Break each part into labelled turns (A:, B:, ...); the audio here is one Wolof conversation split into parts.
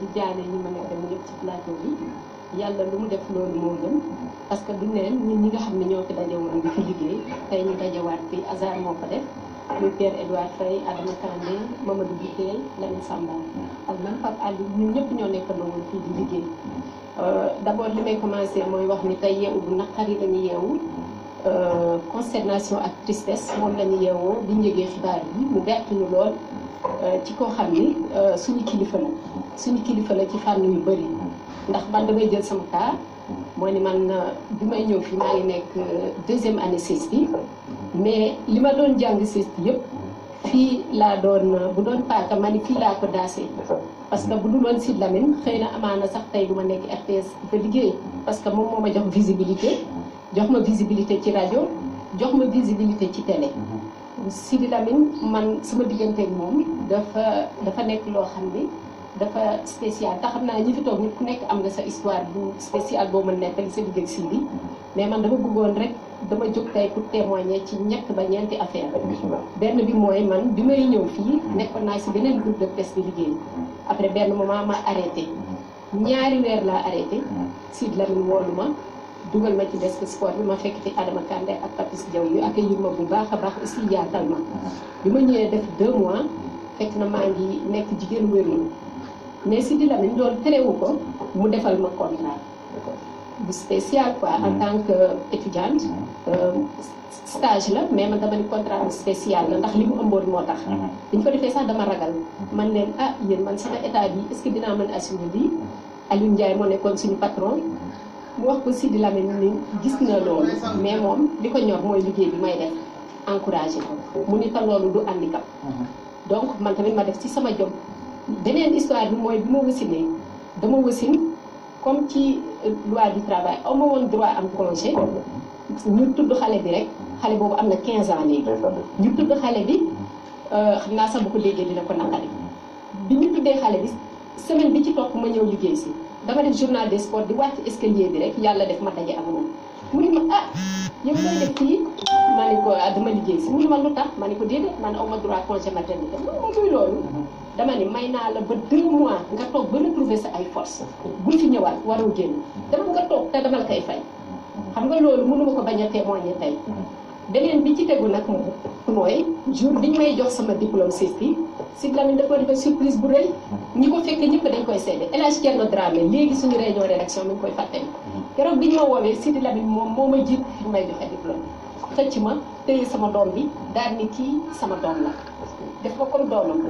A: di jaale ñi ma nekk yëpp ci plateau bi yàlla lu mu def loolu moo gën parce que du neen ñi nga xam ne ñoo fi daje woon di fi liggéey tey ñu dajewaat bi hasard moo ko def muy Pierre Edouard Faye Adama Kandé Mamadou Biteye Lamine Samba ak man ñëpp ñoo nekkandoo woon di liggéey euh, d'abord li may commencé mooy wax tey yeewu bu naqari dañu yeewu euh, consternation ak tristesse moom la ñu yeewoo bi njëgee xibaar yi mu bett ñu lool Euh, ci koo xam ni euh, suñu kilifa la suñu kilifa la ci fànn yu bëri ndax man damay jël sama cas moo ni man euh, bi may ñëw fii maa nekk deuxième année CESP bi mais li ma doon jàng CESP bi yëpp fii laa doon bu doon paaka ma ni fii laa ko daase parce que bu du loon si Lamine xëy na amaana sax tey du ma nekk RTS di ko liggéey parce que moom moo ma jox visibilité jox ma visibilité ci rajo jox ma visibilité ci télé sii Sidi Lamine man sama digganteeg moom dafa dafa nekk loo xam ni dafa spécial te xam naa ñi fi toog nit ku nekk am nga sa histoire bu spécial boo ma nettali sa digg ak Sidi mais man dama bëggoon rek dama jóg tay pour témoigner ci ñett ba ñeenti affaire benn bi mooy man bi may ñëw fii nekkoon naa si beneen groupe de presse di liggéey après benn moment ma arrêté mm-hmm. ñaari weer laa arrêté mm-hmm. Sidi Lamine woolu ma dugal ma ci des sport bi ma fekk fi Adama Kandé ak Papis Diaw yu ak ma bu baax a baax aussi yaatal ma bi ma ñëwee def deux mois fekk na maa ngi nekk jigéen wérul mais si di la ñu doon terewu ko mu defal ma contrat bu spécial quoi en hmm. tant que euh, étudiante hmm. euh, stage la mais man dama ni contrat bu spécial la ndax li mu ëmboon moo tax dañ hmm. ko defee sax dama ragal man leen ah yéen man sama état yi est-ce que dinaa mën assumer lii Aliou jaay moo nekkoon suñu patron mu wax ko Sidi Lamine ni gis na loolu mais moom li ko ñor mooy liggéey bi may def encouragé ko mu ni te loolu du handicap donc man tamit ma def ci sama jom beneen histoire bi mooy bi ma wasinee dama wasin comme ci euh, loi du travail aw ma woon droit am congé ñu tudd xale bi rek xale boobu am na 15 ans léegi ñu tudd xale bi euh, xam naa sax bu ko déggee dina ko naqari bi ñu tuddee xale bi semaine bi ci topp ma ñëw liggéey si dama def journal des sports di wàcc escalier bi rek yàlla def ma daje ak moom mu ni ma ah, maa ni ko ah dama liggéey mu ni lu tax ma ni ko déedéet man aw ma droit congé maternité man ma dama ni may naa la ba deux nga toog ba retrouver sa ay force bu fi ñëwaat waroo génn dama nga toog te damal koy fay xam nga loolu mënuma ko bañ a témoigner tey beneen bi ci tegu nag mooy jour di ñu may jox sama diplôme Cissé bi Sidy Lamine dafa defee surprise bu rëy ñi ko fekk ñëpp dañ koy seede El Hadj Thierno Dramé léegi suñu réunion rédaction mi ngi koy fàttali mhm. keroog bi ñu ma woowee Sidy Lamine moom moo ma jiit fi ñu may joxe diplôme xëcc ma téye sama doom bi daal ni kii sama doom la def ko comme doomam.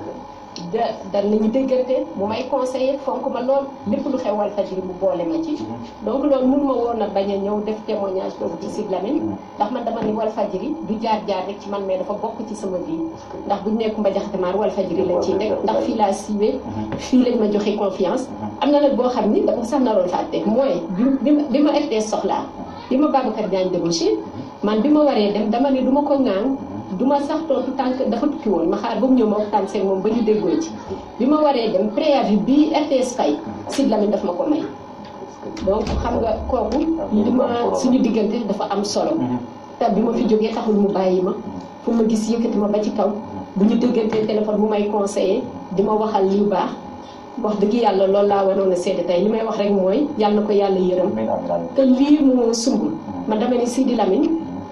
A: da dal nañu déggante mu may conseiller fonk ma lool lépp lu xew Walfadjri mu boole ma ci mhm. donc loolu mun ma woon a bañ a ñëw def témoignage boobu ci Sidy Lamine mhm. ndax man dama ni Walfadjri du jaar-jaar rek ci man mais dafa bokk sama vie ndax buñ nekk Kumba Jaxate Maar Walfadjri lañ ciy nekk ndax fii laa siiwee mhm. fii lañ ma joxe confiance am na nag boo xam ni dama sax naroon fàtte mooy bi ma RTS soxlaa bi ma Babacar Diagne débauché man bi ma waree dem dama ni du ma ko ŋaan du ma sax tontu tànk dafa tukki woon ma xaar ba mu ñëw ma waxtaan seeg moom ba ñu déggoo ci bi ma waree dem préavis bi RTS fay Sidy Lamine daf ma ko may donc xam nga kooku li ma suñu diggante dafa am solo mhm. te bi ma fi jógee taxul mu bàyyi ma fu ma gis yëkkati ma ba ci kaw bu ñu déggante téléphone bu may conseiller di ma waxal li baax wax dëgg yàlla loolu laa waroon a seede tey li may wax rek mooy yàlla ko yàlla yërëm te lii mu sumb man dama ne Sidy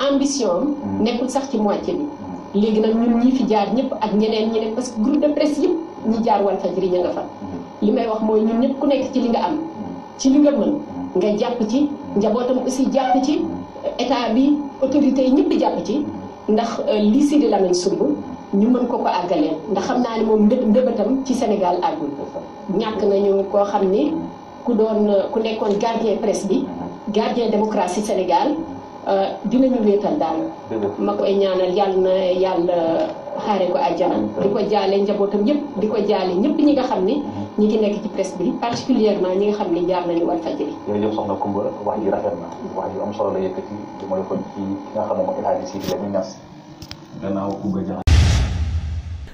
A: ambition nekkul sax ci moitié bi léegi nag ñun ñi fi jaar ñëpp ak ñeneen ñi parce que groupe de presse yëpp ñi jaar Walfadjri ña nga fa li may wax mooy ñun ñëpp ku nekk ci li nga am ci li nga mën nga jàpp ci njabootam aussi jàpp ci état bi autorités yi ñëpp di jàpp ci ndax euh, li Sidi Lamine sumb ñu mën ko ko àggaleel ndax xam naa ni moom ndëbatam ci Sénégal àggul ñàkk nañu koo xam ni ku doon euh, ku nekkoon gardien presse bi gardien démocratie Sénégal Euh, dina ñu wéetal daal ma koy ñaanal yàlla na yàlla xaare ko àjjana di ko jaale njabootam yëpp di ko jaale ñëpp ñi nga xam ni ñi ngi nekk ci presse bi particulièrement ñi nga xam ni jaar nañu Walfadjri jërëjëf soxna Kumba wax ji rafet na wax ji am solo la yëkkati du ma ko ci ki nga xam ne moom El Hadji Sidi Lamine Niass gannaaw